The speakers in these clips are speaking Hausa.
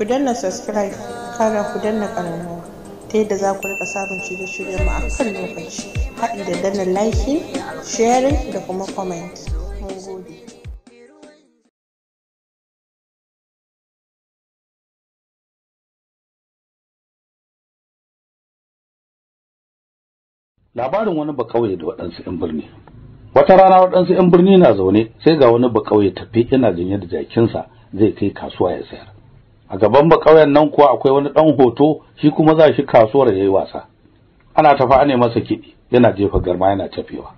ku danna subscribe kara ku danna ƙararrawa ta yadda za ku rika samun shirye shiryen mu a kan lokaci haɗi da danna like sharing da kuma comment gode labarin wani bakauye da waɗansu 'yan birni wata rana waɗansu 'yan birni na zaune sai ga wani bakauye tafi yana janye da jakinsa zai kai kasuwa ya sayar a gaban ba ƙauyen nan kuwa akwai wani ɗan hoto shi kuma za shi kasuwar ya yi wasa ana tafa ne masa kiɗi yana jefa garma yana tafewa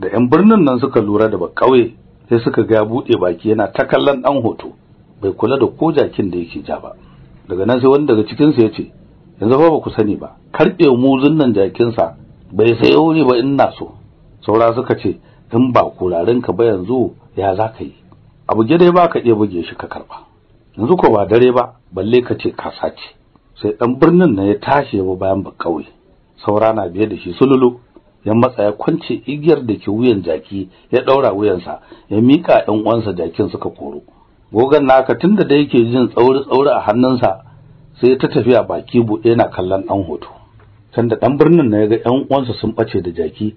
da 'yan birnin nan suka lura da ba ƙauye sai suka ga buɗe baki yana ta kallon ɗan hoto bai kula da ko jakin da yake ja ba daga nan sai wani daga su ya ce yanzu fa ba ku sani ba karɓe muzun nan jakinsa bai sayo ne ba ina so saura suka ce in ba kurarinka ba yanzu ya za ka yi abu gida ba ka iya buge shi ka karɓa yanzu ko ba dare ba balle ka ce ka sace sai dan birnin na ya tashi ya bayan ba kauye saura na biye da shi sululu ya matsa ya kwance igiyar da ke wuyan jaki ya daura wuyansa ya mika ɗan uwansa jakin suka koro gogan naka tunda da yake jin tsauri tsauri a hannunsa sai ta tafiya baki buɗe na kallon ɗan hoto tunda ɗan birnin na ya ga ƴan uwansa sun ɓace da jaki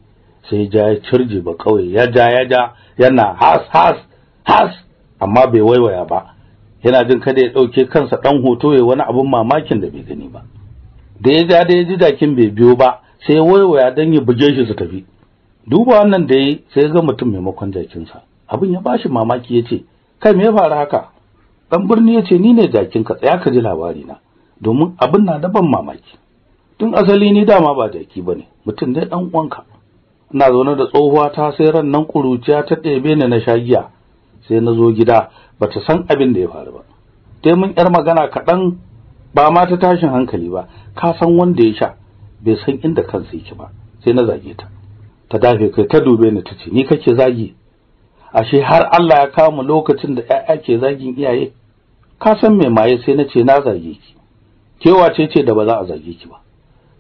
sai ja ya cirje ba kawai ya ja ya ja yana has has has amma bai waiwaya ba yana jin kada ya ɗauke kansa ɗan hoto ya wani abin mamakin da bai gani ba da ya ga da ya ji jakin bai biyo ba sai ya waiwaya don ya buge shi su tafi duba wannan da ya sai ya ga mutum maimakon jakinsa abin ya bashi mamaki ya ce kai me ya faru haka ɗan birni ya ce ni ne jakinka tsaya ka ji labari na domin abin na da ban mamaki tun asali ni dama ba jaki ba ne mutum dai ɗan uwanka ina zaune da tsohuwa ta sai ran nan ƙuruciya ta ɗebe ni na shagiya sai na zo gida bata san abin da ya faru ba dai mun yar magana kaɗan ba ma ta tashin hankali ba ka san wanda ya sha bai san inda kansa yake ba sai na zage ta ta dafe kai ta dube ni tace ni kake zagi ashe har Allah ya kawo mu lokacin da ƴaƴa ke zagin iyaye ka san me maye sai na ce na zage ki kewa ce ce da ba za a zage ki ba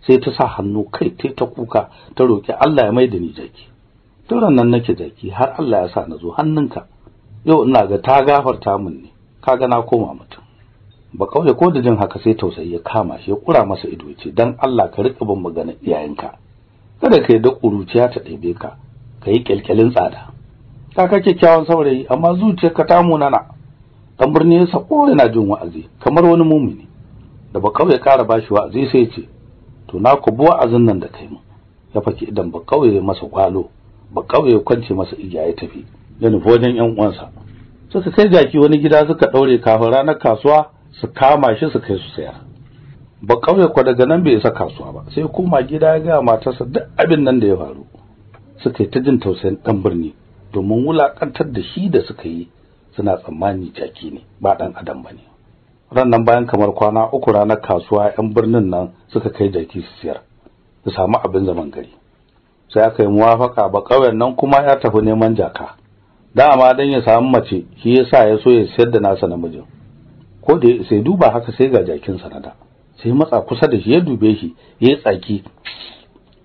sai ta sa hannu kai ta ta kuka ta roki Allah ya maida ni jaki turan nan nake zaki har Allah ya sa na zo hannunka yau ina ga ta gafarta mun ne kaga na koma mutum ba kauye ko da jin haka sai tausayi ya kama shi ya kura masa ido ce dan Allah ka rika bin magana iyayenka kada kai da kuruciya ta ɗebe ka kai kyalkyalin tsada ka ka kyakkyawan saurayi amma zuciyarka ta munana dan birni ya sako yana jin wa'azi kamar wani mumini da ba kauye kara bashi wa'azi sai ce to na ku buwa wa'azin nan da kai mu ya faki idan ba kauye masa kwalo ba kauye kwance masa igiya ya tafi da nufi wajen yan uwansa suka kai jaki wani gida suka ɗaure kafin ranar kasuwa su kama shi su kai su sayar ba ƙauye ko daga nan bai isa kasuwa ba sai kuma gida ya ga matarsa duk abin nan da ya faru suka yi ta jin tausayin ɗan birni domin wulaƙantar da shi da suka yi suna tsammani jaki ne ba ɗan adam bane nan bayan kamar kwana uku ranar kasuwa yan birnin nan suka kai jaki su siyar su samu abin zaman gari sai aka yi muwafaka ba ƙauyen nan kuma ya tafi neman jaka dama dan ya samu mace shi yasa ya so ya sayar da nasa namijin ko da sai duba haka sai ga jakin da sai matsa kusa da shi ya dube shi ya tsaki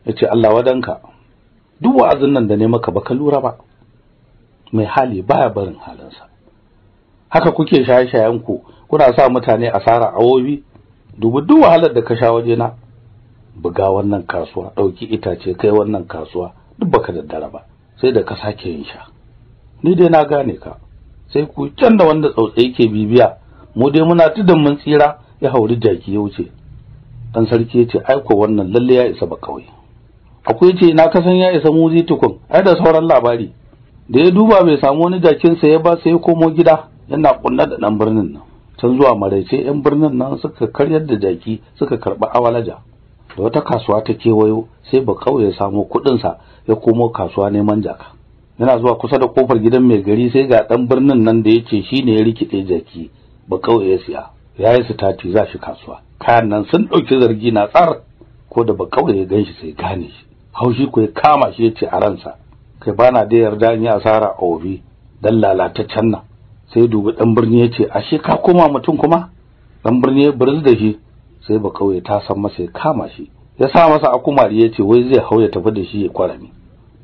yace Allah wadanka duk wa'azin nan da ne maka baka lura ba mai hali baya barin halinsa haka kuke shaye-shayen ku kuna sa mutane asara awobi dubu duk wahalar da ka sha waje na buga wannan kasuwa dauki itace kai wannan kasuwa duk baka daddara ba sai da ka sake yin sha ni dai na gane ka sai ku can da wanda tsautsayi ke bibiya mu dai muna tudun mun tsira ya hauri jaki ya wuce dan sarki yace ai ko wannan lalle ya isa ba kawai akwai ce na kasan ya isa muzi tukun ai da sauran labari da ya duba bai samu wani jakin sa ya ba sai ya komo gida yana kunna da dan birnin nan can zuwa maraice yan birnin nan suka karyar da jaki suka karba awalaja da wata kasuwa ta kewayo sai ba kawai ya samu kudin sa ya komo kasuwa neman jaka yana zuwa kusa da kofar gidan mai gari sai ga dan birnin nan da yace shine ya rikide jaki ba kawai ya siya yayi su tati za shi kasuwa kayan nan sun dauki zargi na tsar ko da ba kawai ya ganshi sai gane shi haushi ko ya kama shi yace a ransa kai bana da yarda in yi asara a obi dan can nan sai dubi dan birni yace ashe ka koma mutum kuma dan birni ya burz da shi sai ba kawai ta san masa ya kama shi ya sa masa akumari yace wai zai hauya tafi da shi ya kwarami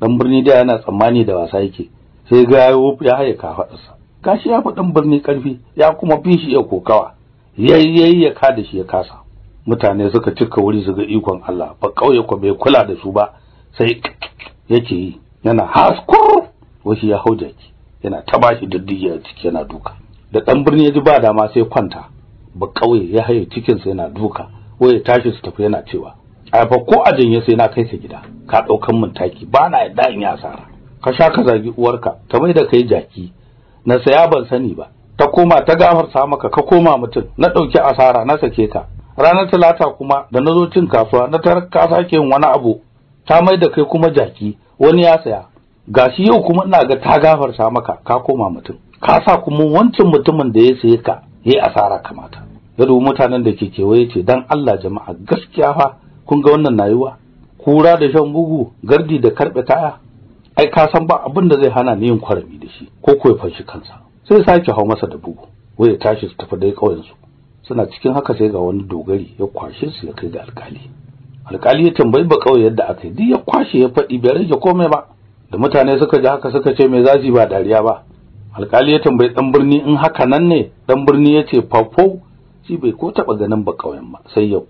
dan birni da yana tsammani da wasa yake sai ga ya haye kafadarsa gashi ya fi dan birni karfi ya kuma fi shi ya kokawa yayyayi ya kada shi ya kasa mutane suka cika wuri su ga ikon Allah ba kauye ko bai kula da su ba sai yake yi yana haskur washi ya hauje ki yana taba shi diddige yana duka da dan birni ya ji ba dama sai kwanta ba kauye ya haye cikin sa yana duka waye tashi su tafi yana cewa aifa ko a janye sai na kai ka gida ka daukan mun taki ba na yadda in yi asara ka sha ka zagi uwarka ta mai da kai jaki na saya ban sani ba ta koma ta gafarta maka ka koma mutum na dauki asara na sake ka ranar talata kuma da na zo cin kasuwa na tar ka sake yin wani abu ta mai da kai kuma jaki wani ya saya gashi yau kuma ina ga ta gafarta maka ka koma mutum ka sa kuma wancan mutumin da ya saye ka yi asara kamata da mutanen da ke kewaye ce dan Allah jama'a gaskiya fa kun ga wannan na yiwa kura da shan bugu gardi da karɓe kaya ai ka san ba abin da zai hana ni yin kwarami da shi ko ko ya fanshi kansa sai sake hau masa da bugu wai ya tashi su tafi dai ƙauyen su suna cikin haka sai ga wani dogari ya kwashe su ya kai ga alkali alkali ya tambayi ba ƙauye yadda aka yi duk ya kwashe ya faɗi bai rage komai ba da mutane suka ji haka suka ce me zafi ba dariya ba alkali ya tambayi dan birni in haka nan ne dan birni ya ce fafo shi bai ko taba ganin ba ƙauyen ba sai yau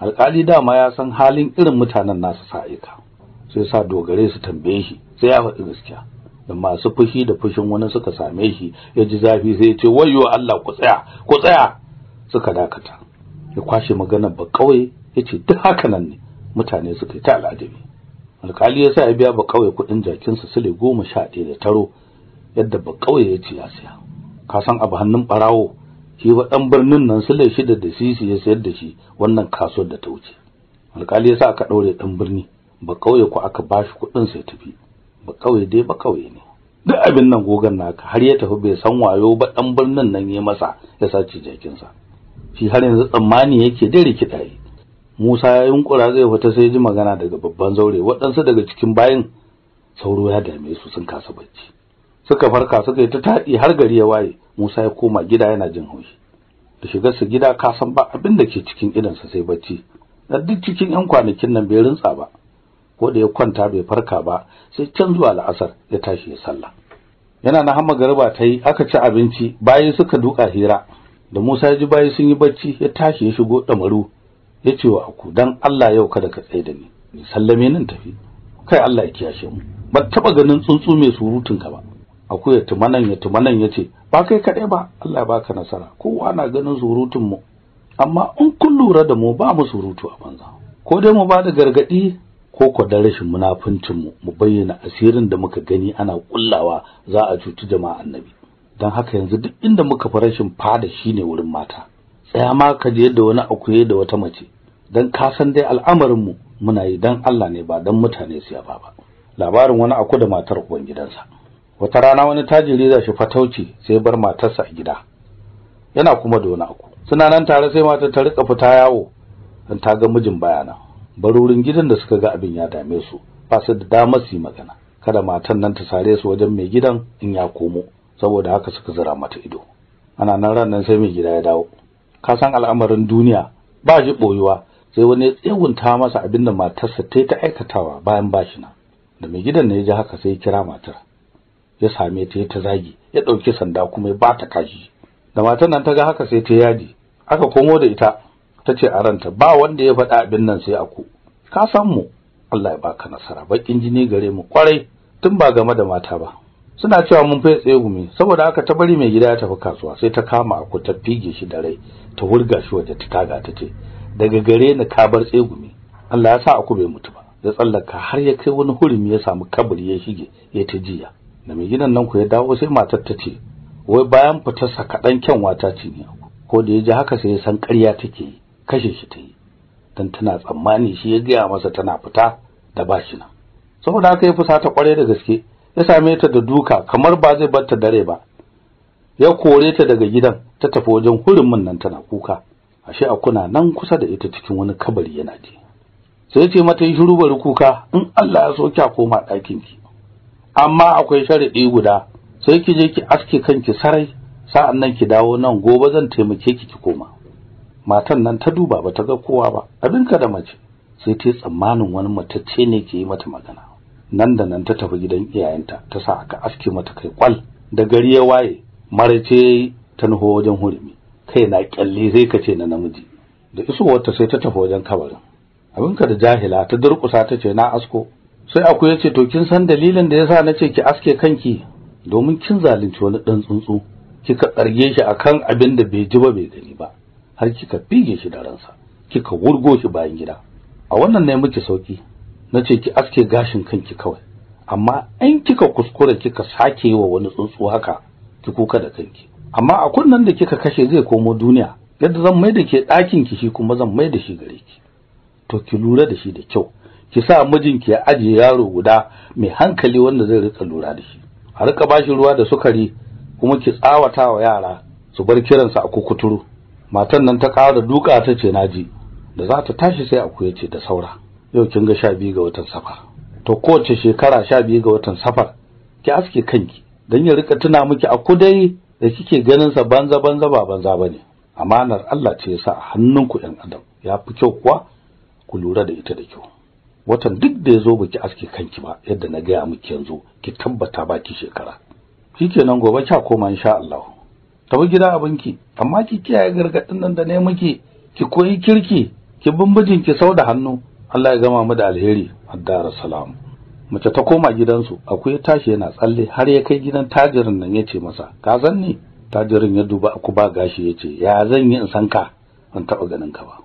Alƙali dama ya san halin irin mutanen nasu saika aika sai sa dogare su tambaye shi sai ya faɗi gaskiya da masu fushi da fushin wani suka same shi ya ji zafi sai ya ce wayyo Allah ku tsaya ku tsaya suka dakata ya kwashe magana ba kawai ya ce duk haka nan ne mutane suka yi ta al'adabi Alƙali ya sa ya biya ba kawai kuɗin jakinsa sule goma sha ɗaya da taro yadda ba kawai ya ce ya siya ka san abu hannun ɓarawo shi fa dan birnin nan su shida da sisi ya sayar da shi wannan kasuwar da ta wuce alkali ya sa aka daure dan birni ba kauye ku aka bashi kudin sai tafi ba kauye dai ba kauye ne duk abin nan gogan naka har ya tafi bai san wayo ba dan birnin nan ya masa ya sace jakin sa shi har yanzu tsammani yake da yi. Musa ya yunkura zai fita sai ji magana daga babban zaure waɗansu daga cikin bayin sauro ya dame su sun kasa bacci suka farka suka yi ta taɗi har gari ya waye Musa ya koma gida yana jin haushi da su gida ka san ba abin da ke cikin sa sai bacci Da duk cikin yan kwanakin nan bai rintsa ba ko da ya kwanta bai farka ba sai can zuwa la'asar ya tashi ya sallah yana na hamma garba ta yi aka ci abinci bayi suka duka hira da Musa ya ji bayi sun yi bacci ya tashi ya shigo damaru ya ce wa aku dan Allah yau kada ka tsaye da ni ni sallame nan tafi kai Allah ya kiyashe mu ba taba ganin tsuntsu mai surutun ka ba akwai ya tumanan ya tumanan yace ba kai kadai ba Allah ya baka nasara kowa na ganin surutun mu amma in kun lura da mu ba mu surutu a banza ko dai mu ba da gargadi ko ko da rashin munafincin mu mu bayyana asirin da muka gani ana kullawa za a cuci jama'a annabi dan haka yanzu duk inda muka fara rashin fada shine wurin mata tsaya ma ka je da wani akuye da wata mace dan ka san dai al'amarin mu muna yi dan Allah ne ba dan mutane su yaba ba labarin wani aku da matar ubangidansa wata rana wani tajiri za shi fatauci sai bar matarsa a gida yana kuma da wani suna nan tare sai matar ta rika fita yawo dan ta ga mijin bayana barurin gidan da suka ga abin ya dame su ba su da damar su magana kada matan nan ta sare su wajen mai gidan in ya komo saboda haka suka zira mata ido ana nan ran nan sai mai gida ya dawo ka san al'amarin duniya ba shi boyuwa sai wani ya tsegunta masa abin da matarsa ta yi ta aikatawa bayan bashi na da mai gidan ne ya ji haka sai ya kira matar ya same ta ya ta zagi ya ɗauki sanda kuma ya bata kashi da matan nan ta ga haka sai ta yadi aka komo da ita ta ce a ranta ba wanda ya faɗa abin nan sai aku ka san mu Allah ya baka nasara bakin jini gare mu kwarai tun ba game da mata ba suna cewa mun fai tsaye gumi saboda haka ta bari mai gida ya tafi kasuwa sai ta kama aku ta fige shi da rai ta wurga shi waje ta taga ta ce daga gare ni ka bar tsaye gumi Allah ya sa aku bai mutu ba ya tsallaka har ya kai wani hurumi ya samu kaburi ya shige ya ta jiya da mai gidan nan ku ya dawo sai matar ta ce wai bayan fitarsa kaɗan kyanwa ta ne ko da ya ji haka sai ya san ƙarya take kashe shi ta yi don tana tsammani shi ya gaya masa tana fita da bashi shi nan saboda haka ya fusata kwarai da gaske ya same ta da duka kamar ba zai bar ta dare ba ya kore ta daga gidan ta tafi wajen hurumin nan tana kuka ashe a kuna nan kusa da ita cikin wani kabari yana ji sai ce mata yi shiru bari kuka in Allah ya so kya koma ɗakin ki amma akwai sharaɗi guda sai ki je ki aske kanki sarai sa'an nan ki dawo nan gobe zan taimake ki ki koma matan nan ta duba ba ta ga kowa ba Abin ka da mace sai ta tsammanin wani matacce ne ke yi mata magana nan da nan ta tafi gidan iyayenta ta sa aka aske mata kai kwal da gari ya waye marace ta nufo wajen hurumi kai na kyalle sai ka ce na namiji da isowarta sai ta tafi wajen kabarin abinka da jahila ta durƙusa ta ce na asko sai akwai ya to kin san dalilin da yasa ce ki aske kanki domin kin zalunci wani dan tsuntsu kika karge shi akan abin da bai ji ba bai gani ba har kika fige shi da ransa kika wurgo shi bayan gida a wannan ne miki sauki nace ki aske gashin kanki kawai amma in kika kuskure kika sake yi wa wani tsuntsu haka ki kuka da kanki amma a kunnan da kika kashe zai komo duniya yadda zan mai da ke ɗakin ki shi kuma zan mai da shi gare ki to ki lura da shi da kyau ki sa mijinki ya ajiye yaro guda mai hankali wanda zai rika lura da shi a rika bashi ruwa da sukari kuma ki tsawata wa yara su bar kiransa a kukuturu matan nan ta kawo da duka ta ce naji da za ta tashi sai aku ce da saura yau kin ga 12 ga watan safar to kowace shekara 12 ga watan safar ki aske kanki dan ya rika tuna miki a kudai da kike ganin sa banza banza ba banza bane amanar Allah ce yasa a hannunku ɗan adam ya fi kyau kuwa ku lura da ita da kyau watan duk da yazo baki aske kanki ba yadda na gaya miki yanzu ki tabbata ba ki shekara shikenan gobe kya koma insha Allah tabi gida abinki amma ki kiyaye gargadin nan da ne miki ki koyi kirki ki bumbujin ki sau da hannu Allah ya gama mu da alheri addar salam mace ta koma gidansu akwai tashi yana tsalle har ya kai gidan tajirin nan yace masa ka zanni tajirin ya duba aku ba gashi yace ya zan yi in san ka ban taba ganin ka ba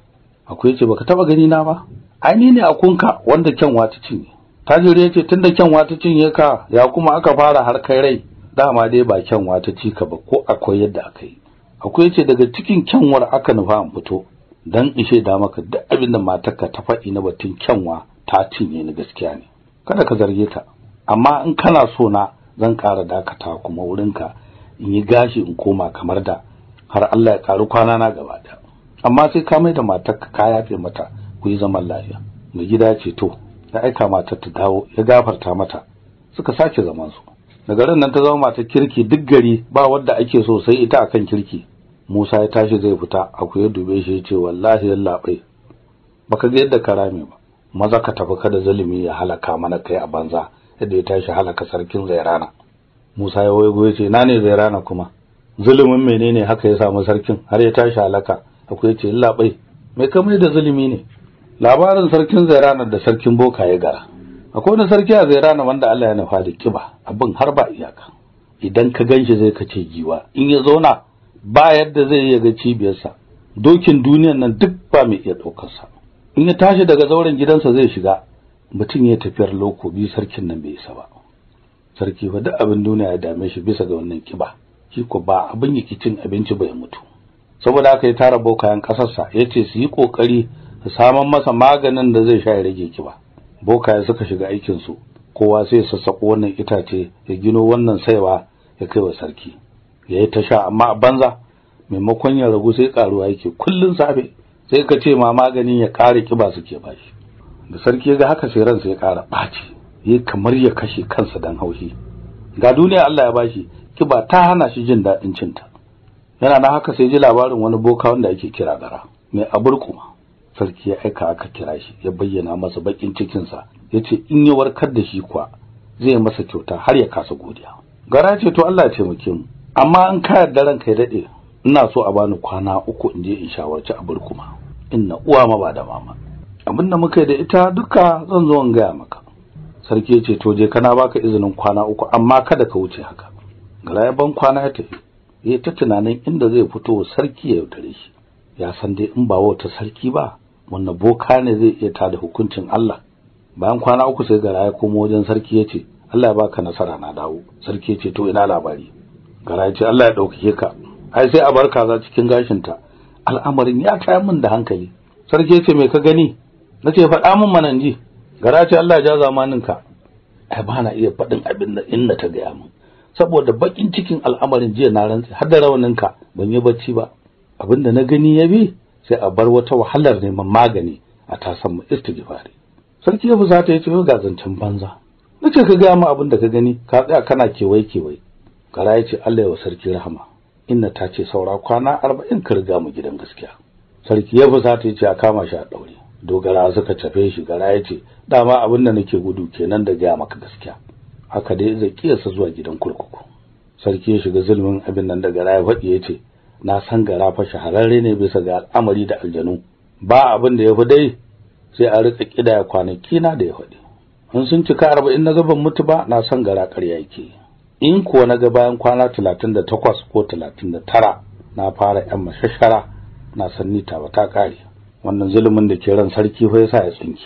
akwai yace baka taba gani na ba aini ne akunka wanda kyanwa ta cinye tajiri ya ce tunda kyanwa ta cinye ka ya kuma aka fara harkar rai dama dai ba kyanwa ta ci ka ba ko akwai yadda aka yi akwai ce daga cikin kyanwar aka nufa an fito dan ishe da maka duk abin da matarka ta faɗi na batun kyanwa ta cinye ni gaskiya ne kada ka zarge ta amma in kana so na zan ƙara dakata kuma wurinka in yi gashi in koma kamar da har Allah ya ƙaru kwana na gaba da amma sai ka mai da matarka ka yafe mata ku yi zaman lafiya mai gida ce to ta aika matar ta dawo ya gafarta mata suka sake zaman su daga ran nan ta zama matar kirki duk gari ba wanda ake so sai ita akan kirki Musa ya tashi zai fita aku ya dube shi ya ce wallahi yalla bai baka ga yadda karame ba maza ka tafi kada zalimi ya halaka mana kai a banza yadda ya tashi halaka sarkin Zairana Musa ya wayo ya ce na ne Zairana kuma zulumin menene haka ya samu sarkin har ya tashi halaka aku ya ce yalla bai mai kamar da zulumi ne labarin sarkin zairana da sarkin boka ya gara akwai wani sarki a zairana wanda Allah ya nufa da kiba abin har ba iyaka idan ka ganshi zai kace giwa in ya zauna ba yadda zai iya ga cibiyarsa dokin duniyan nan duk ba mai iya ɗaukarsa, in ya tashi daga zauren gidansa zai shiga mutum ya tafiyar loko bi sarkin nan bai isa ba sarki fa duk abin duniya ya dame shi bisa ga wannan kiba shi ko ba abin yake cin abinci bai mutu saboda haka ya tara bokayen kasarsa ce su yi kokari Da saman masa maganin da zai sha ya rage kiba bokaye suka shiga aikin su kowa sai sassako wannan itace ya gino wannan saiwa ya kai wa sarki yayi ta sha amma a banza maimakon ya ragu sai karuwa yake kullun safe sai ka ce ma maganin ya kare kiba suke bashi da sarki ga haka sai ransa ya kara baci yayi kamar ya kashe kansa dan haushi ga duniya Allah ya bashi kiba ta hana shi jin dadin cinta yana na haka sai ji labarin wani boka wanda ake kira gara mai aburkuma sarki ya aika aka kira shi ya bayyana masa bakin cikin sa yace in ya warkar da shi kuwa zai yi masa kyauta har ya kasa godiya gara ce to Allah ya taimake mu amma in ka yarda ranka ya dade ina so a bani kwana uku in je in shawarci a burkuma inna uwa ma ba da mama abin da muka yi da ita duka zan zo in gaya maka sarki ya ce to je kana baka izinin kwana uku amma kada ka wuce haka gara ya ban kwana ya tafi ya ta tunanin inda zai fito sarki ya yaudare shi ya san dai in ba wata sarki ba wanda boka ne zai iya tada hukuncin Allah bayan kwana uku sai gara ya komo wajen sarki yace Allah ya baka nasara na dawo sarki ya to ina labari gara ya ce Allah ya ɗaukake ka ai sai a bar kaza cikin gashin ta al'amarin ya tayar min da hankali sarki ya ce me ka gani nace faɗa min manan ji gara ce Allah ya ja zamanin ai ba na iya faɗin abin da inna ta gaya min saboda bakin cikin al'amarin jiya na rantsi har da rawanin ka ban yi bacci ba abinda na gani ya bi sai a bar wata wahalar neman magani a tasan mu istighfari sarki yabu za ta yi ga zancen banza nace ka ga mu abin da ka gani ka tsaya kana kewaye kewaye kara yace Allah ya wa sarki rahama inna ta ce saura kwana 40 ka riga mu gidan gaskiya sarki yabu za ta a kama shi a daure dogara suka tafe shi gara yace dama abin da nake gudu kenan da ga maka gaskiya haka dai zai kiyasa zuwa gidan kurkuku sarki ya shiga zulmin abin nan da gara ya faɗi yace na san gara fa shahararre ne bisa ga al'amari da aljanu ba abin da ya fi dai sai a rika kidaya kwanaki na da ya faɗi in sun cika arba'in na zaban mutu ba na san gara ƙarya yake in kuwa na ga bayan kwana talatin da takwas ko talatin da tara na fara yan mashashara na san ni ta ta ƙare wannan zulumin da ke ran sarki fa yasa ya tsinke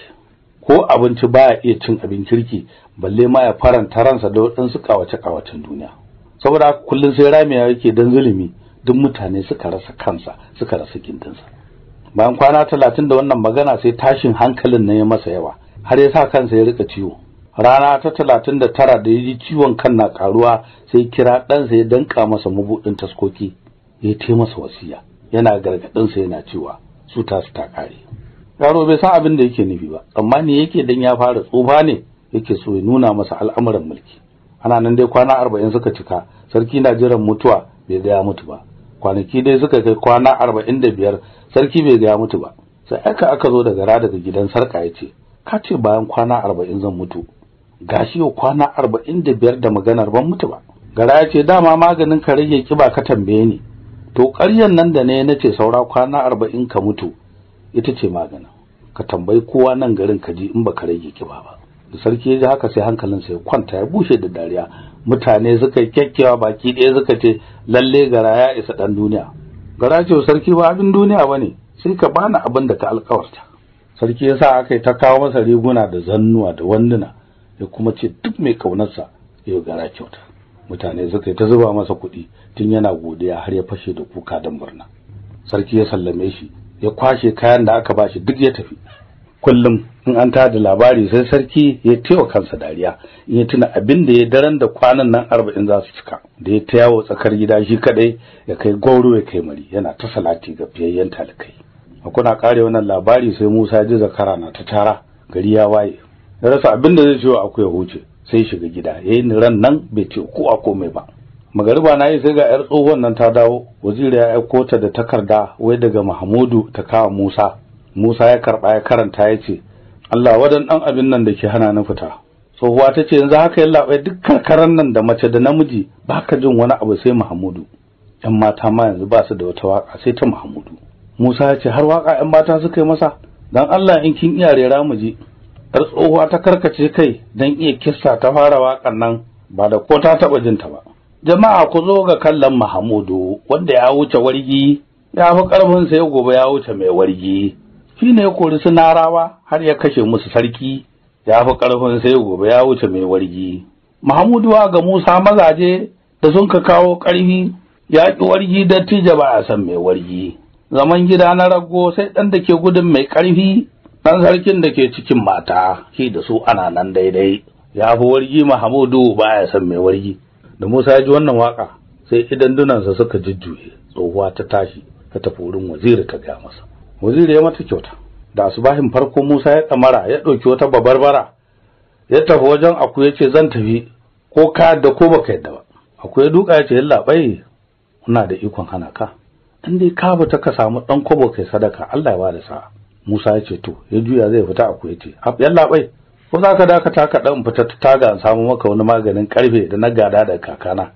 ko abinci baya iya cin abin kirki balle ma ya faranta ransa da waɗansu ƙawace-ƙawacen duniya saboda kullum sai ramiya yake dan zulumi duk mutane suka rasa kansa suka rasa gindinsa bayan kwana talatin da wannan magana sai tashin hankalin na ya masa yawa har ya sa kansa ya rika ciwo rana ta talatin da tara da ya ji ciwon kan na karuwa sai kira ɗansa ya danka masa mabuɗin taskoki ya ce masa wasiya yana gargaɗinsa yana cewa su ta su ta kare yaro bai san abin da yake nufi ba tsammani yake dan ya fara tsufa ne yake so ya nuna masa al'amuran mulki ana nan dai kwana arba'in suka cika sarki na jiran mutuwa bai gaya mutu ba kwanaki dai suka kai kwana arba'in da biyar sarki bai gaya mutu ba sai aka aka zo da gara daga gidan sarka ya ce ka ce bayan kwana arba'in zan mutu gashi yau kwana arba'in da biyar da maganar ban mutu ba gara ya ce dama maganin ka rage kiba ka tambaye ni to ƙaryan nan da ne na ce saura kwana arba'in ka mutu ita ce magana ka tambayi kowa nan garin ka ji in baka rage kiba ba da sarki ya ji haka sai hankalinsa ya kwanta ya bushe da dariya mutane suka yi kyakkyawa baki ɗaya suka ce lalle gara ya isa ɗan duniya gara ce sarki ba abin duniya ba ne sai ka bani abin da ka alkawarta sarki ya sa aka yi ta kawo masa riguna da zannuwa da wanduna ya kuma ce duk mai ƙaunarsa ya gara kyauta mutane suka yi ta zuba masa kuɗi tun yana godiya har ya fashe da kuka don murna sarki ya sallame shi ya kwashe kayan da aka bashi duk ya tafi kullum in an tada labari sai sarki ya taiwa kansa dariya in ya tuna abin da ya daren da kwanan nan arba'in za su cika da ya ta yawo tsakar gida shi kadai ya kai gwauro ya kai mari yana ta salati ga fiyayyen talikai a kuna kare wannan labari sai musa ya ji zakara na ta tara gari ya waye ya rasa abin da zai ce wa akwai huce sai shiga gida ya yi ran nan bai ce ko a komai ba magariba na yi sai ga yar tsohon nan ta dawo waziri ya aiko ta da takarda wai daga mahmudu ta kawo musa Musa ya karɓa ya karanta ya ce Allah wadan ɗan abin nan da ke hana ni fita tsohuwa ta ce yanzu haka ya bai duk karkarar nan da mace da namiji ba ka jin wani abu sai Muhammadu Yan mata ma yanzu ba su da wata waka sai ta Muhammadu Musa ya ce har waka ƴan mata suka yi masa dan Allah in kin iya rera mu je Yar tsohuwa ta karkace kai dan iya kissa ta fara wakan nan ba da ko ta taɓa jinta ba jama'a ku zo ga kallon Muhammadu wanda ya wuce wargi ya fi ƙarfin sai gobe ya wuce mai wargi shi ne ya kori su narawa har ya kashe musu sarki ya fi ƙarfin sai gobe ya wuce mai wargi wa ga musa mazaje da sun ka kawo ƙarfi ya ƙi wargi tija ba a san mai wargi zaman gida na rago sai ɗan da ke gudun mai ƙarfi ɗan sarkin da ke cikin mata shi da su ana nan daidai ya fi wargi mahamudu ba a san mai wargi da musa ya ji wannan waka sai idan dunansa suka jujjuye tsohuwa ta tashi ta tafi wurin waziri ta gaya masa waziri ya mata kyauta da asubahin farko Musa ya tsamara ya ɗauki wata babbar bara ya tafi wajen aku ya ce zan tafi ko ka yadda ko baka yadda ba aku ya duka ya ce yalla bai kuna da ikon hana ka in dai ka ba ka samu ɗan kobo kai sadaka Allah ya ba da sa'a Musa ya ce to ya juya zai fita aku ya ce yalla bai ko za ka dakata ka ɗan fita ta taga in samu maka wani maganin karfe da na gada da kakana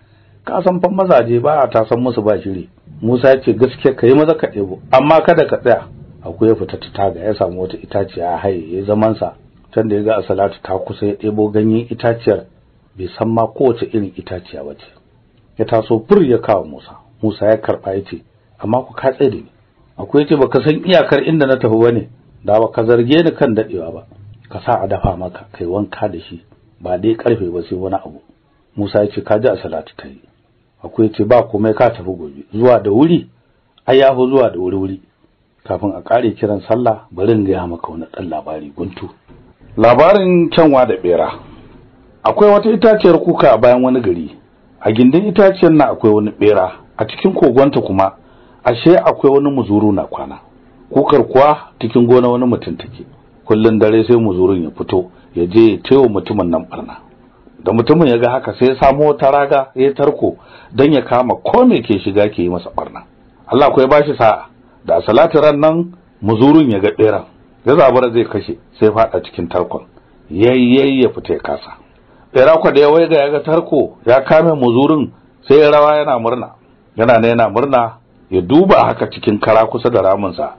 ka san fan mazaje ba a ta san musu ba shiri Musa ya ce gaskiya ka yi maza ka ɗebo amma kada ka tsaya akwai ya fita ta taga ya samu wata itaciya a haye ya zaman sa can da ya ga asalatu ta kusa ya ɗebo ganyen itaciyar bai san ma kowace irin itaciya ba ce ya taso fur ya kawo Musa Musa ya karba ya ce amma ku ka tsare ni akwai ce baka san iyakar inda na tafi bane da ba ka zarge ni kan dadewa ba ka sa a dafa maka kai wanka da shi ba dai karfe ba sai wani abu Musa ya ce ka ji asalatu ta yi akwai ce ba komai ka tafi gobe zuwa da wuri ai zuwa da wuri wuri kafin a ƙare kiran sallah bari in gaya maka wani ɗan labari guntu labarin kyanwa da bera akwai wata itaciyar kuka a bayan wani gari a gindin itaciyar na akwai wani bera a cikin kogonta kuma ashe akwai wani muzuru na kwana kukar kuwa cikin gona wani mutum take kullum dare sai muzurun ya fito ya je ya tewo mutumin nan barna da mutumin ya ga haka sai ya samo wata raga ya tarko don ya kama ko me ke shiga ke yi masa barna Allah kuwa ya bashi sa'a da salati ran nan muzurun ya ga dera ya zabura zai kashe sai fada cikin tarkon yayyay ya fita ya kasa bera kwa da ya waiga ya ga tarko ya kame muzurun sai ya rawa yana murna yana ne yana murna ya duba haka cikin kara kusa da ramin sa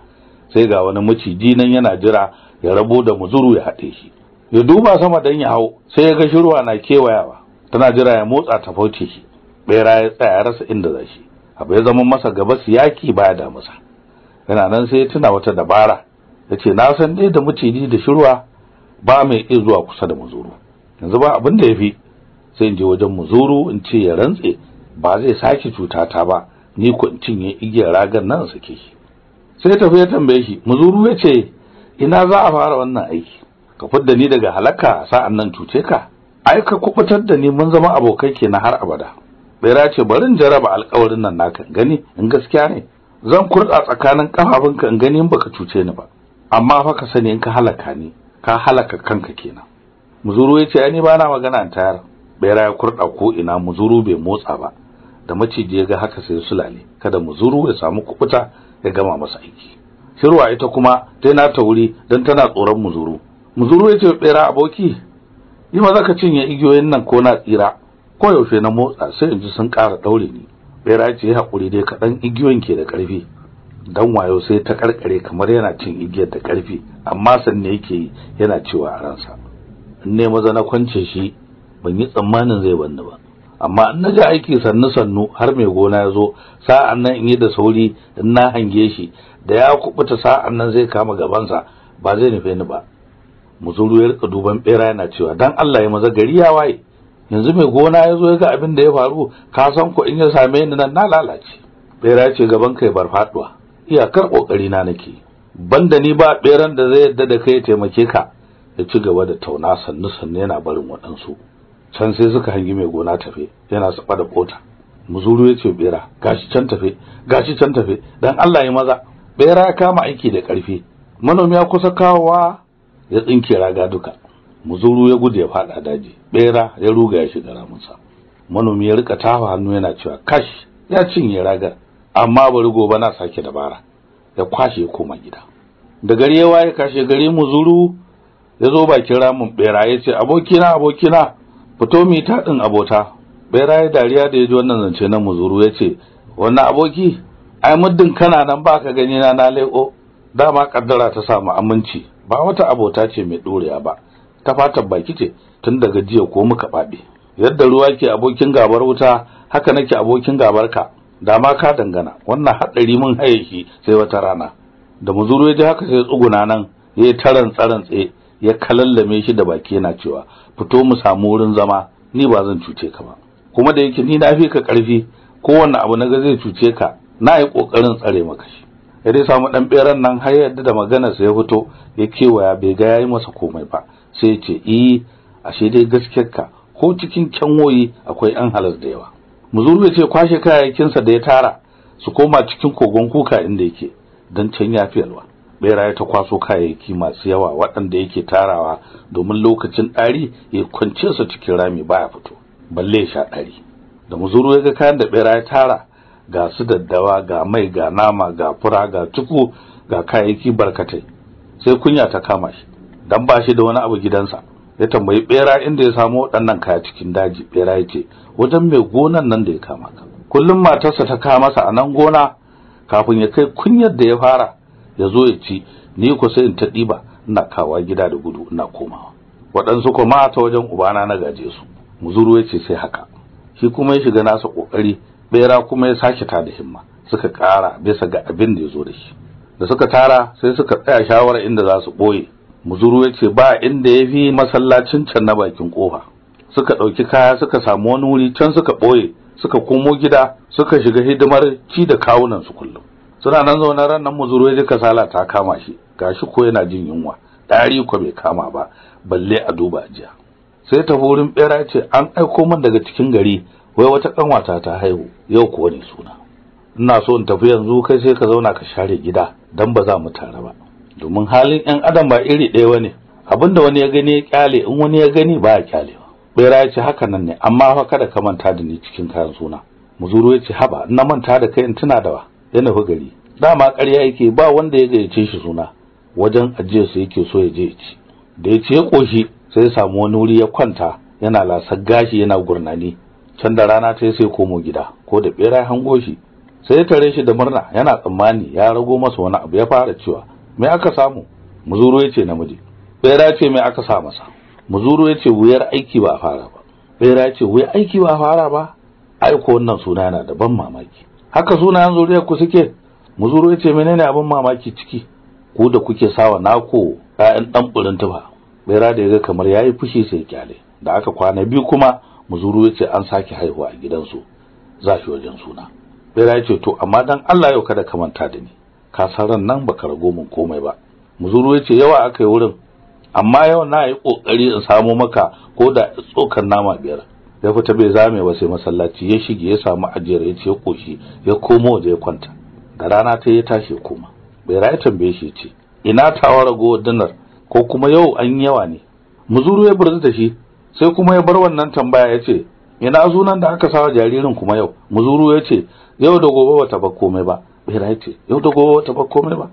sai ga wani maciji nan yana jira ya rabo da muzuru ya haɗe shi ya duba sama dan ya hau sai ya ga shirwa na kewayawa tana jira ya motsa ta fauce shi bera ya tsaya rasa inda zashi shi abu ya zama masa gaba yaki baya da masa yana nan sai ya tuna wata dabara ya ce na san dai da maciji da shirwa ba mai iya zuwa kusa da muzuru yanzu ba abin da ya fi sai in je wajen muzuru in ce ya rantse ba zai sake cuta ta ba ni ko in cinye igiyar ragan nan sake shi sai ya tafi ya tambaye shi muzuru ya ce ina za a fara wannan aiki ka fidda ni daga halaka sa'an nan cuce ka ai ka kubutar da ni mun zama abokai ke na har abada bera ce barin jaraba alƙawarin nan naka gani in gaskiya ne zan kurɗa tsakanin ƙafafunka in gani in baka cuce ni ba amma fa ka sani in ka halaka ni ka halaka kanka kenan muzuru yace ai ni ba na magana an tayar bera ya kurɗa ko ina muzuru bai motsa ba da maciji ya ga haka sai sulale kada muzuru ya samu kukuta ya gama masa aiki shirwa ita kuma tai na ta wuri don tana tsoron muzuru muzuru ya ce bera aboki yi maza ka cinye igiyoyin nan ko na tsira ko yaushe na motsa sai in ji sun ƙara ɗaure ni bera ce hakuri dai kaɗan igiyon ke da ƙarfi dan wayo sai ta karkare kamar yana cin igiyar da ƙarfi amma sanne yake yana cewa a ransa in ne maza na kwance shi ban yi tsammanin zai banni ba amma in na ji aiki sannu sannu har mai gona ya zo sa'an nan in yi da sauri in na hange shi da ya kubuta sa'an nan zai kama gabansa ba zai nufe ni ba muzuru ya rika duban bera yana cewa dan Allah ya maza gari ya waye yanzu mai gona ya zo ya ga abin da ya faru ka san ko in ya same ni nan na lalace bera ce gaban kai bar faduwa iyakar kokari na nake banda ni ba beran da zai yadda da kai taimake ka ya ci gaba da tauna sannu sannu yana barin waɗansu can sai suka hangi mai gona tafe yana saba da kota muzuru ya ce bera gashi can tafe gashi can tafe dan Allah ya maza bera ya kama aiki da karfi manomi ya kusa kawowa ya tsinke raga duka muzuru ya gudu ya fada daji bera ya ruga ya shiga ramunsa manomi ya rika tafa hannu yana cewa kash ya cinye ragar amma bari gobe na sake dabara ya kwashe ya koma gida da gari ya waye kashe gari muzuru ya zo bakin ramin bera ya ce abokina abokina fito mi taɗin abota bera ya dariya da ya ji wannan zance na muzuru ya ce wannan aboki ai muddin kana nan ba gani na na leko dama kaddara ta samu aminci ba wata abota ce mai ɗorewa ba ta fatan baki ce tun daga jiya ko muka babe yadda ruwa ke abokin gabar wuta haka nake abokin gabar ka dama ka dangana wannan hadari mun haye shi sai wata rana da muzuru ya ji haka sai tsuguna nan yayi taran tsaran tsaye ya kalallame shi da baki yana cewa fito mu samu wurin zama ni ba zan cuce ka ba kuma da yake ni na fi ka karfi kowanne abu naga zai cuce ka na yi kokarin tsare maka shi ya dai samu dan beran nan har yadda da maganar sa ya fito ya kewaya bai ga yayi masa komai ba sai ce eh ashe dai ka, ko cikin kyanwoyi akwai an halar da yawa muzuru ya ce kwashe kayayyakin sa da ya tara su koma cikin kogon kuka inda yake don can ya fi yalwa ta kwaso kayayyaki masu yawa waɗanda yake tarawa domin lokacin ɗari ya kwance su cikin rami baya fito balle sha ɗari da muzuru ya ga kayan da ya tara ga su daddawa ga mai ga nama ga fura ga tuku ga kayayyaki barkatai sai kunya ta kama shi dan ba shi da wani abu gidansa ya tambayi bera inda ya samo waɗannan kaya cikin daji bera yace, wajen mai gonan nan da ya kama ka kullum matarsa ta kawo masa a nan gona kafin ya kai kunyar da ya fara ya zo ya ci ni ku sai in ta ɗiba ina kawa gida da gudu ina komawa waɗansu kuma ta wajen ubana na gaje su muzuru ya sai haka shi kuma ya shiga nasa ƙoƙari bera kuma ya sake ta da himma suka ƙara bisa ga abin da ya zo da shi da suka tara sai suka tsaya shawarar inda za su ɓoye muzuru ya ce ba inda ya fi masallacin can na bakin kofa suka ɗauki kaya suka samu wani wuri can suka ɓoye suka komo gida suka shiga hidimar ci da kawunan su kullum suna nan zaune ran nan muzuru ya ji kasala ta kama shi gashi ko yana jin yunwa ɗari ko bai kama ba balle a duba jiya sai ta wurin bera ce an aiko min daga cikin gari wai wata ƙanwata ta haihu yau ko ne suna ina so in tafi yanzu kai sai ka zauna ka share gida dan ba za mu tare ba domin halin yan adam ba iri ɗaya ba abin da wani ya gani ya kyale in wani ya gani ba ya ba bera ya ce haka nan ne amma fa kada ka manta da ni cikin kayan suna muzuru ya ce haba na manta da kai in tuna da wa ya nufi gari dama ƙarya yake ba wanda ya gayyace shi suna wajen ajiye su yake so ya je ya ci da ya ce ya koshi sai ya samu wani wuri ya kwanta yana lasar gashi yana gurnani can da rana ta sai komo gida ko da bera hango shi sai ya tare shi da murna yana tsammani ya rago masa wani abu ya fara cewa mai aka samu muzuru ya ce namiji bera ce mai aka sa masa muzuru ya ce wuyar aiki ba fara ba bera ce wuyar aiki ba fara ba aiko wannan suna yana da ban mamaki haka sunayen zuriyar ku suke muzuru ya ce menene abin mamaki ciki ku da kuke sawa nako ƴaƴan dan burin ba. bera da yaga kamar yayi fushi sai kyale da aka kwana biyu kuma muzuru ya ce an sake haihuwa a gidansu za shi wajen suna bera ya ce to amma dan Allah yau kada ka manta da ni kasaran nan baka rago mun komai ba muzuru yace yawa aka yi wurin amma yau na yi kokari in samu maka ko da tsokan nama biyar ya fita bai zame ba sai masallaci ya shige ya samu ajiyar ya ce koshi ya komo waje ya kwanta da rana ta ya tashi kuma bai rayu tambaye shi ce ina tawa rago dinar ko kuma yau an yawa ne muzuru ya burzi da shi sai kuma ya bar wannan tambaya ya ce ina sunan da aka sawa jaririn kuma yau muzuru ya ce yau da gobe ba ta ba komai ba Hiraiti yau da gowa ta komai ba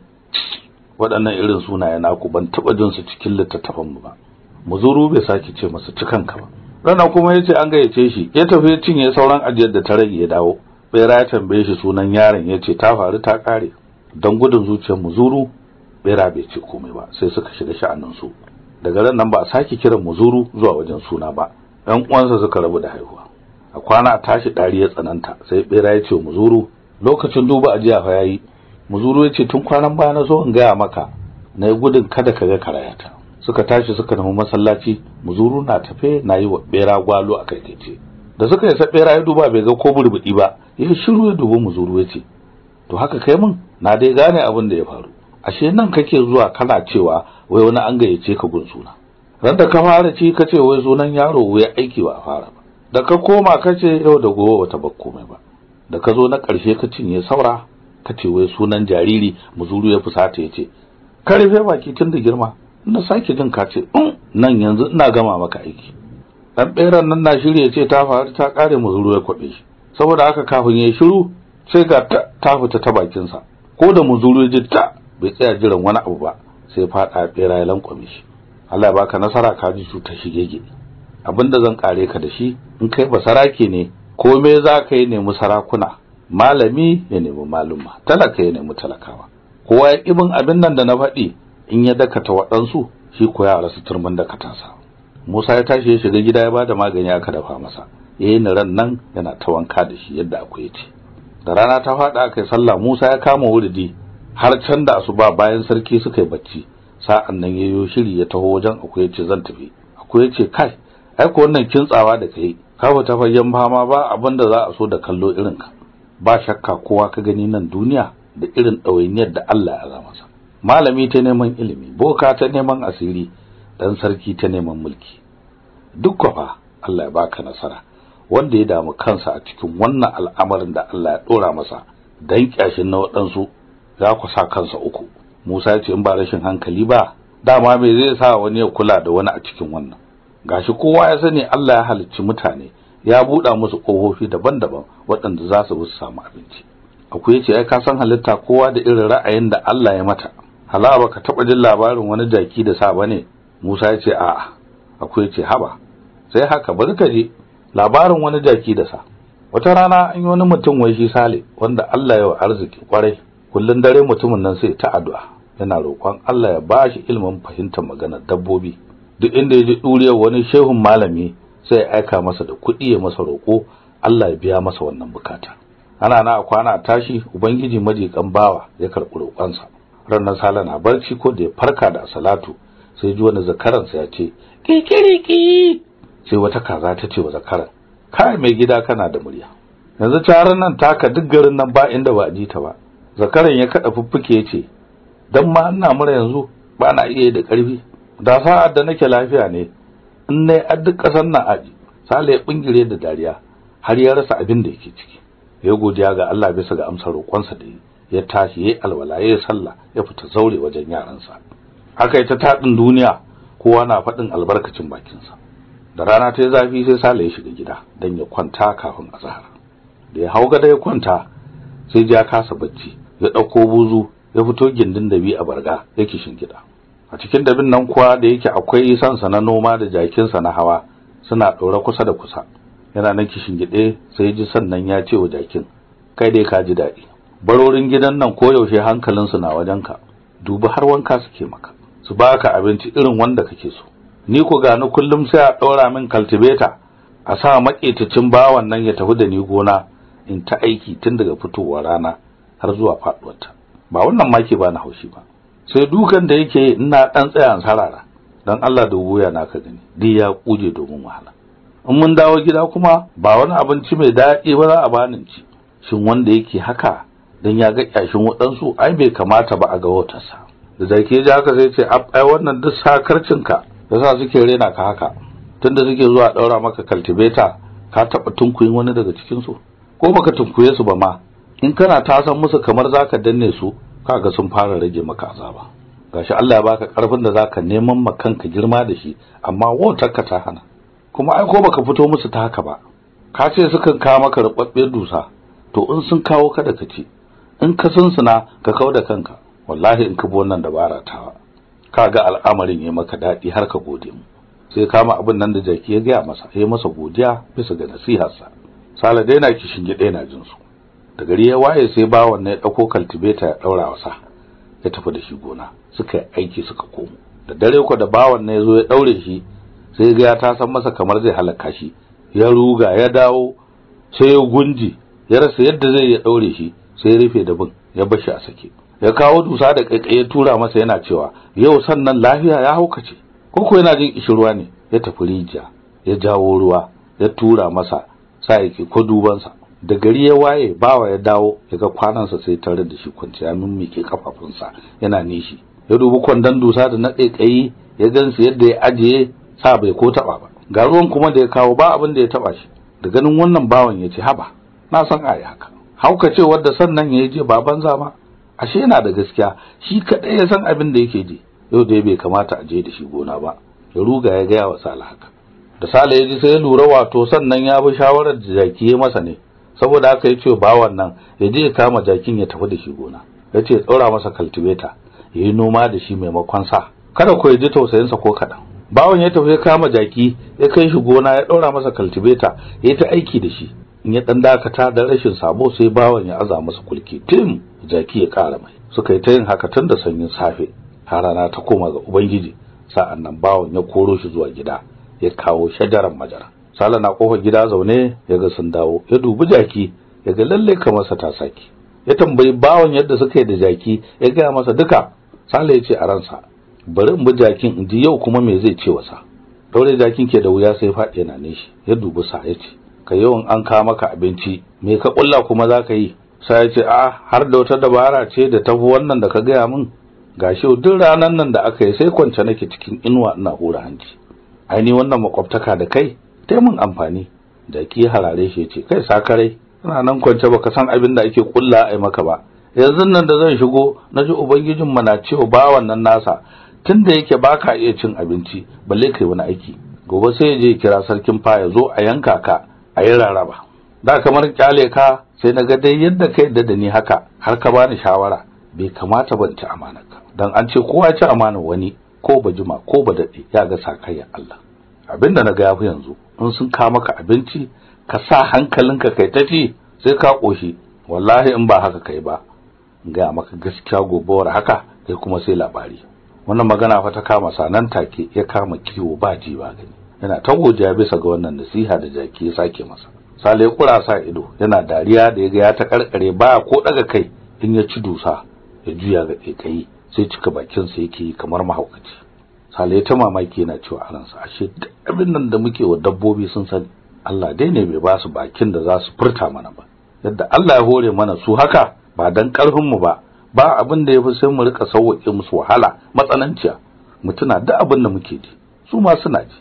waɗannan irin sunaye naku ban taba jin su cikin littattafan mu ba muzuru bai sake ce masa cikanka ba rana kuma yace an gayyace shi ya tafi ya cinye sauran ajiyar da ta rage ya dawo bera ya tambaye shi sunan yaron yace ta faru ta kare dan gudun zuciyar muzuru bera bai ce komai ba sai suka shiga sha'anin su daga ran nan ba a sake kiran muzuru zuwa wajen suna ba ɗan uwansa suka rabu da haihuwa a kwana tashi dari ya tsananta sai bera ya ce muzuru lokacin duba ajiya fa yayi muzuru yace tun kwanan baya na zo in gaya maka na yi gudun kada ka ga karayata suka tashi suka nemi masallaci muzuru na tafe na yi wa bera gwalo a kaikaice da suka isa bera ya duba bai ga ko burbudi ba ya shiru ya dubo muzuru yace to haka kai mun na dai gane abin da ya faru ashe nan kake zuwa kana cewa wai wani an gayyace ka gun suna ran da ka fara ci kace wai sunan yaro wai aiki ba fara ba da ka koma kace yau da gobe bata bakko mai ba da ka zo na ƙarshe ka cinye saura ka ce wai sunan jariri muzuru ya fusata ya ce ka rufe baki tun da girma na sake jin ka ce mm, nan yanzu ina gama maka aiki dan beran nan na shirye ce ta faru ta kare muzuru ya kwabe shi saboda haka kafin ya shiru sai ga ta fita ta bakin sa ko da muzuru ya ji ta bai tsaya jiran wani abu ba sai fada bera ya lankwame shi Allah ya baka nasara ka ji cutar shigege abinda zan kare ka da shi in kai basarake ne kome za ka yi nemi sarakuna malami ya nemi maluma talaka ya nemi talakawa kowa ya ibin abin nan da na faɗi in ya dakata waɗansu shi ko ya rasu turmin dakatansa Musa ya tashi ya shiga gida ya bada magani aka dafa masa ya yi ran nan yana ta wanka da shi yadda akwai ce da rana ta faɗa aka yi sallah Musa ya kama wuridi har can da ba bayan sarki suka yi bacci sa'an nan yi shiri ya taho wajen akwai ce zan tafi akwai ce kai aiko wannan kintsawa da ka yi. ka ta fagen fama ba abin da za a so da kallo irin ka ba shakka kowa ka gani nan duniya da irin ɗawainiyar da Allah ya zama sa malami ta neman ilimi boka ta neman asiri dan sarki ta neman mulki duk kwafa Allah ya baka nasara wanda ya damu kansa a cikin wannan al'amarin da Allah ya dora masa dan kyashin na waɗansu za ku sa kansa uku Musa ya ce in ba rashin hankali ba dama me zai sa wani ya kula da wani a cikin wannan gashi kowa ya sani Allah ya halicci mutane ya buɗa musu ƙofofi daban-daban waɗanda za su su samu abinci akwai ce ai ka san halitta kowa da irin ra'ayin da Allah ya mata hala ba ka taɓa jin labarin wani jaki da sa bane Musa ya ce a'a akwai ce haba sai haka bari ka je labarin wani jaki da sa wata rana an yi wani mutum wai shi Sale wanda Allah ya wa arziki kwarai kullun dare mutumin nan sai ta addu'a yana roƙon Allah ya bashi ilimin fahimtar maganar dabbobi duk inda ya ji ɗuriyar wani shehun malami sai ya aika masa da kuɗi ya masa roƙo Allah ya biya masa wannan bukata ana na kwana tashi ubangiji majikan bawa ya karɓi roƙonsa ranar sala na barci ko da ya farka da salatu sai ji wani zakaransa ya ce kikiriki sai wata kaza ta ce wa zakaran kai mai gida kana da murya yanzu taron nan taka duk garin nan ba inda ba ji ta ba zakaran ya kada fuffuke ya ce dan ma ina mura yanzu ba na iya da ƙarfi da sa'ad da nake lafiya ne in nai a duk ƙasar nan aji sale bingire da dariya har ya rasa abin da yake ciki ya godiya ga Allah bisa ga amsar roƙonsa da ya tashi ya alwala ya salla, ya fita zaure wajen yaransa haka ita taɗin duniya kowa na faɗin albarkacin bakinsa da rana ta yi zafi sai sale ya shiga gida don ya kwanta kafin azahar da ya hau gada ya kwanta sai ya kasa bacci ya ɗauko buzu ya fito gindin da bi a barga yake shin gida a cikin dabin nan kuwa da yake akwai sansa na noma da jakinsa na hawa suna ɗaure kusa da kusa yana nan gide sai ji sannan ya ce wa jakin kai dai ka ji daɗi barorin gidan nan koyaushe hankalinsu na wajenka dubi har wanka suke maka su baka abinci irin wanda kake so ni ku gani kullum sai a ɗora min cultivator a sa maƙetacin bawan nan ya tafi da ni gona in ta aiki tun daga fitowar rana har zuwa faɗuwarta ba wannan ma ke bani haushi ba sai dukan da yake ina dan tsaya sarara dan Allah da wuya na ka gani dai ya kuje domin wahala in mun dawo gida kuma ba wani abinci mai daɗi ba za a bani ci shin wanda yake haka dan ya ga kyashin waɗansu ai bai kamata ba a ga watarsa da zaki ji haka sai ce ai wannan duk sakarcinka da sa suke rena ka haka tunda suke zuwa daura maka cultivator ka taba tunkuyin wani daga cikin su ko baka tunkuye su ba ma in kana tasan musu kamar zaka danne su kaga sun fara rage maka azaba gashi Allah ya baka karfin da zaka neman makanka girma da shi amma wautarka ta hana kuma ai ko baka fito musu ta haka ba ka ce sukan ka maka rubabbiyar dusa to in sun kawo ka da kace in ka sunsuna ka kau da kanka wallahi in ka bi wannan dabara Ka ga al'amarin yayi maka dadi har ka gode mu sai kama abin nan da jaki ya gaya masa ya masa godiya bisa ga Sale sala na kishin gida yana jin su da gari ya waye sai bawan ne ya dauko cultivator ya daura wasa ya tafi da shi gona suka yi aiki suka komo da dare ko da bawan ne ya zo ya daure shi sai ga ya san masa kamar zai halaka shi ya ruga ya dawo sai ya gunji ya rasa yadda zai ya daure shi sai ya rufe da bin ya bar shi a sake ya kawo dusa da kaikai ya tura masa yana cewa yau sannan lafiya ya haukace koko yana jin kishirwa ne ya tafi rijiya ya jawo ruwa ya tura masa sa yake ko dubansa da gari ya waye bawa ya dawo ya ga kwanansa sai tare da shi kwanciya mimmike kafafunsa yana nishi ya dubi kwandon dusa da na ƙaiƙayi ya gansu yadda ya ajiye sa bai ko taba ba ga ruwan kuma da ya kawo ba abin da ya taba shi da ganin wannan bawan ya ce haba na san ayi haka hauka ce wadda sannan ya je baban zama ashe yana da gaskiya shi kaɗai ya san abin da yake ji yau da bai kamata a je da shi gona ba ya ruga ya gaya wa Sale haka da Sale ya ji sai ya lura wato sannan ya bi shawarar da jaki ya masa ne saboda aka yi ce bawan nan ya je ya kama jakin ya tafi da shi gona ya ce tsora masa cultivator ya yi noma da shi maimakon sa kada ku ji sa ko kaɗan bawan ya tafi ya kama jaki ya kai shi gona ya ɗora masa cultivator ya yi ta aiki da shi in ya ɗan dakata da rashin sabo sai bawan ya aza masa kulki tim jaki ya kara mai suka yi ta yin haka tun da sanyin safe har rana ta koma ga ubangiji sa'annan bawan ya koro shi zuwa gida ya kawo shajarar majara sala na kofar gida zaune yaga sun dawo ya dubi jaki yaga lalle kamar sa ta saki ya tambayi bawan yadda suka yi da jaki ya gaya masa duka sala ya ce a ransa bari in bi jakin in ji yau kuma me zai ce sa? daure jakin ke da wuya sai faɗi yana nishi ya dubi sa ya ce ka yawan an kawo maka abinci me ka ƙulla kuma za ka yi Sa ya ce a har da wata dabara ce da tafi wannan da ka gaya min ga shi duk ranar nan da aka yi sai kwance nake cikin inuwa ina hura hanci aini wannan makwabtaka da kai Tai mun amfani da ki harare shi ce kai sakarai ina nan kwance baka san abin da ake kulla ai maka ba yanzu nan da zan shigo na ji ubangijin mu na cewa ba wannan nasa tunda yake baka iya cin abinci balle kai wani aiki gobe sai ya je kira sarkin fa ya zo a yanka ka a yi raraba da kamar kyale ka sai na ga dai yadda kai da da ni haka har ka bani shawara bai kamata ban ci ka. dan an ce kowa ci amanar wani ko ba jima ko ba daɗe ya ga sakayya Allah abinda na ga yafi yanzu in sun ka maka abinci ka sa hankalinka kai ta ci sai ka koshi wallahi in ba haka kai ba ga maka gaskiya gobe war haka kai kuma sai labari wannan magana fa ta kama sanan take ya kama kiwo ba ji ba gani yana ta gojiya bisa ga wannan nasiha da jaki ya sake masa sale kura sa ido yana dariya da yaga ya ta karkare ba ko daga kai in ya ci dusa ya juya ga kai sai cika bakin sa yake kamar mahaukaci sale ta mamaki na cewa a ransa ashe duk abin nan da muke wa dabbobi sun san Allah dai ne bai ba su bakin da za su furta mana ba yadda Allah ya hore mana su haka ba dan karfin mu ba ba abin da yafi sai mu rika sauwake musu wahala matsananciya mutuna tuna duk abin da muke ji su ma suna ji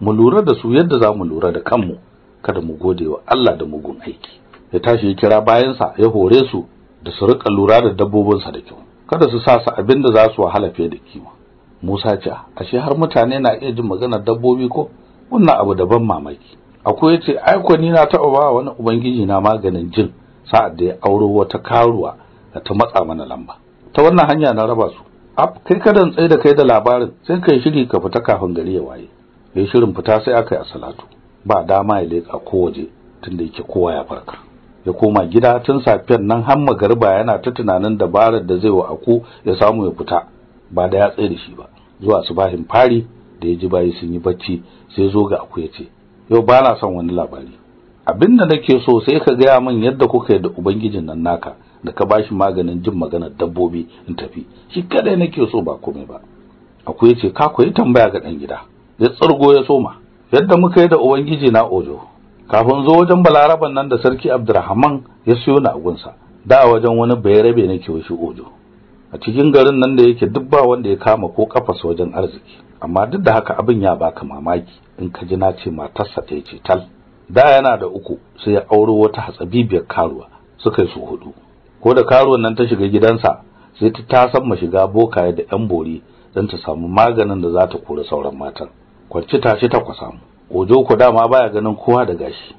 mu lura da su yadda za mu lura da kanmu kada mu gode wa Allah da mugun aiki ya tashi ya kira bayansa ya hore su da su rika lura da dabbobinsa da kyau kada su sa su abin da za su wahala fiye da kima Musa ce ashe har mutane na iya jin maganar dabbobi ko wannan abu daban mamaki akwai yace ai ko ni na taba ba wani ubangiji na maganin jin sa'ad da ya auro wata karuwa da ta matsa mana lamba ta wannan hanya na raba su ab kai kadan tsaye da kai da labarin sai kai shiri ka fita kafin gari ya waye yayin shirin fita sai aka yi salatu ba dama ya leka ko waje tunda yake kowa ya farka ya koma gida tun safiyar nan har magarba yana ta tunanin dabarar da zai wa aku ya samu ya fita ba da ya tsaye da shi ba zuwa subahin fari da ya ji bayi sun yi bacci sai zo ga akuya ce yau ba na son wani labari abinda nake so sai ka gaya min yadda kuka yi da ubangijin nan naka da ka bashi maganin jin maganar dabbobi in tafi shi kadai nake so ba komai ba akuya ce ka koyi tambaya ga dan gida ya tsirgo ya soma yadda muka yi da ubangiji na ojo kafin zo wajen balaraban nan da sarki abdurrahman ya siyo na gunsa da wajen wani bayarabe nake washi ojo a cikin garin nan da yake duk ba wanda ya kama ko kafas wajen arziki amma duk da haka abin ya baka mamaki in ka ji na ce matarsa ta ce tal da yana da uku sai ya auro wata hatsabibiyar karuwa suka yi su hudu ko da karuwan nan ta shiga gidansa sai ta tasan ma shiga bokaye da yan bori don ta samu maganin da za ta kura sauran matan kwanci tashi ta kwasa mu. ojo ko ma baya ganin kowa da gashi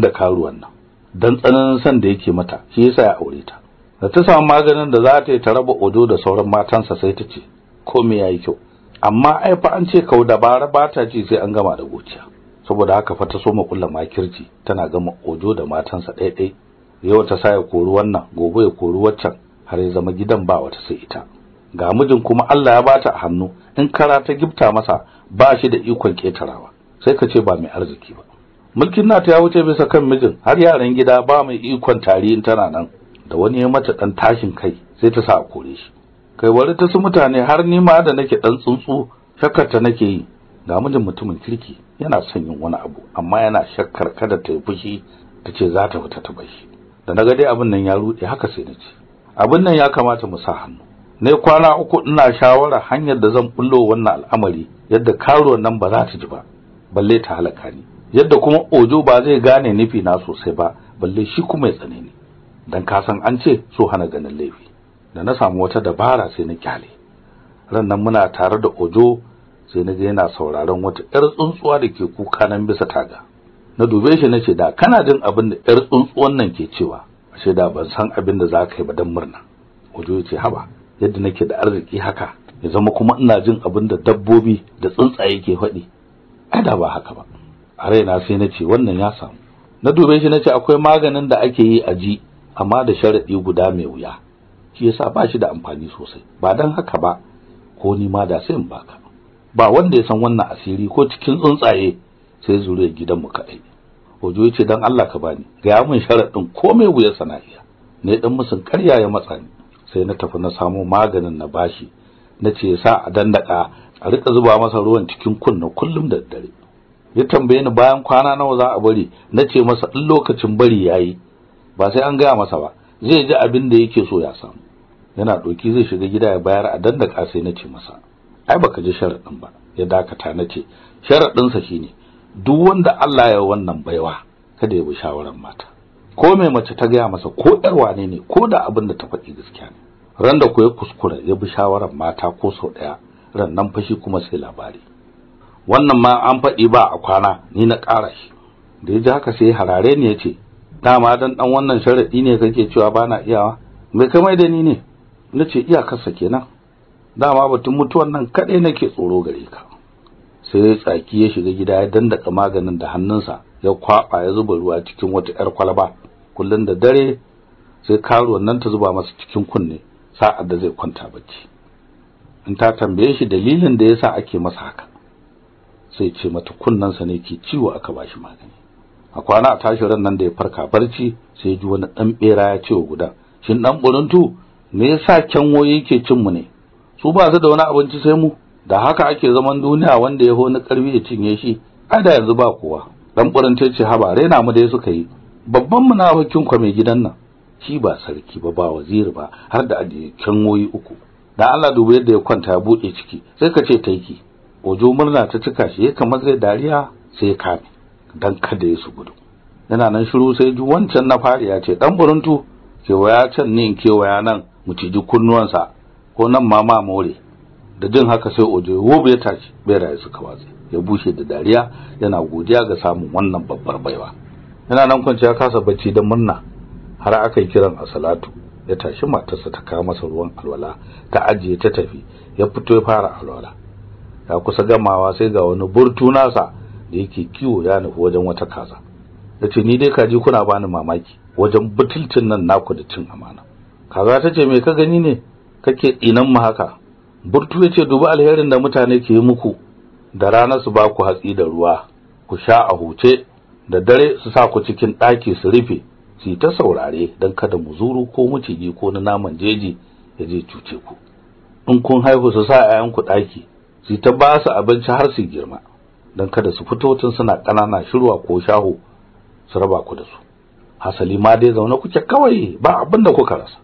da karuwan nan dan tsananin san da yake mata shi yasa ya aure ta da ta samu maganin da za ta yi ta raba odo da sauran matansa sai ta ce komai yi kyau amma ai fa an ce kau dabara ba ta ji sai an gama da gociya saboda haka fa ta so ma kulla makirci tana gama odo da matansa ɗaya dai yau ta sa ya kori wannan gobe ya kori waccan har ya zama gidan ba wata sai ita ga mijin kuma Allah ya bata a hannu in kara ta gifta masa ba shi da ikon ketarawa sai ka ce ba mai arziki ba mulkin nata ya wuce bisa kan mijin har yaran gida ba mai ikon tarihin tana nan da wani ya mata dan tashin kai sai ta sa a kore shi kai wani ta su mutane har ni ma da nake dan tsuntsu shakkar ta nake yi ga mijin mutumin kirki yana son yin wani abu amma yana shakkar kada ta yi fushi ta ce za ta fita ta bar shi da na ga dai abin nan ya rude haka sai na ce abin nan ya kamata mu sa hannu ne kwana uku ina shawara hanyar da zan bullo wannan al'amari yadda karo nan ba za ta ji ba balle ta halaka ni yadda kuma ojo ba zai gane nufi na sosai ba balle shi kuma ya tsane ni dan ka san an ce so hana ganin laifi da na samu wata dabara sai na kyale rannan muna tare da ojo sai na ga yana sauraron wata ƴar tsuntsuwa da ke kuka nan bisa taga na dube shi nace da kana jin abin da ƴar tsuntsuwan nan ke cewa ashe da ban san abin da za ka yi ba dan murna ojo ya ce haba yadda nake da arziki haka ya zama kuma ina jin abin da dabbobi da tsuntsaye ke faɗi ai da ba haka ba a raina sai na ce wannan ya samu na dube shi na akwai maganin da ake yi a ji amma da sharaɗi guda mai wuya shi yasa ba shi da amfani sosai ba dan haka ba ko ni ma da sai in baka ba wanda ya san wannan asiri ko cikin tsuntsaye sai zuriyar gidanmu kaɗai Ojo ya ce don Allah ka bani gaya min sharaɗin mai wuyar sana'iya ne dan musun karya ya matsa ni sai na tafi na samo maganin na bashi na ce sa a dandaka a rika zuba masa ruwan cikin kunna kullum da daddare. ya tambaye ni bayan kwana nawa za a bari na ce masa in lokacin bari yayi ba sai an gaya masa ba zai ji abin da yake so ya samu yana doki zai shiga gida ya bayar a dandaka sai na ce masa ai baka ji sharaɗin ba ya dakata na ce sharadin sa shine duk wanda Allah ya wannan baiwa kada ya bi shawaran mata ko mai mace ta gaya masa ko yar wane ne ko da abin da ta faɗi gaskiya ne ran da ko ya kuskura ya bi shawaran mata ko sau ɗaya, ran nan fashi kuma sai labari wannan ma an faɗi ba a kwana ni na ƙara shi da ya ji haka sai harare ne ya ce dama dan dan wannan sharadi ne kake cewa bana iyawa me kai mai da ni ne nace iyakarsa kenan dama batun mutuwan nan kade nake tsoro gare ka sai tsaki ya shiga gida ya dandaka maganin da hannunsa ya kwaba ya zuba ruwa cikin wata yar kwalaba kullun da dare sai karuwan nan ta zuba masa cikin kunne sa'ad da zai kwanta bacci in ta tambaye shi dalilin da yasa ake masa haka sai ce mata kunnansa ne ke ciwo aka bashi magani a kwana a tashi ran nan da ya farka barci sai ji wani dan bera ya ce wa guda shin dan buruntu me yasa kyanwoyi yake cin mu ne su ba su da wani abinci sai mu da haka ake zaman duniya wanda ya na karbi ya cinye shi ai da yanzu ba kowa dan burunta ce ba rena mu da suka yi babban munafikin kwa mai gidan nan shi ba sarki ba ba waziri ba har da kyanwoyi uku da Allah dubi yadda ya kwanta ya buɗe ciki sai ka ce taiki ojo murna ta cika shi ya kamar zai dariya sai ya kame don kada ya su gudu yana nan shiru sai ji wancan na fariya ce dan buruntu kewaya can ne kewaya nan mu ci ji kunnuwansa ko nan ma ma more da jin haka sai oje wobe ya tashi su ka watsi ya bushe da dariya yana godiya ga samun wannan babbar baiwa yana nan kwance ya kasa bacci da murna har aka yi kiran salatu. ya tashi matarsa ta kawo masa ruwan alwala ta ajiye ta tafi ya fito ya fara alwala ya kusa gamawa sai ga wani burtu nasa da yake kiwo ya nufi wajen wata kaza yace ni dai kaji kuna bani mamaki wajen butulcin nan naku da cin amana kaza tace me ka gani ne kake ɗinan mu haka burtu yace dubi alherin da mutane ke yi muku da rana su ba ku hatsi da ruwa ku sha a huce da dare su sa ku cikin ɗaki su rufe su ta saurare don kada mu zuru ko maciji ko na naman jeji ya je cuce ku in kun haihu su sa 'ya'yanku ɗaki su ta ba su abinci har su girma don kada su fito tun suna ƙanana shirwa ko shaho su raba ku da su hasali ma dai zaune kuke kawai ba abin da kuka rasa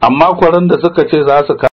amma kwaran da suka ce za su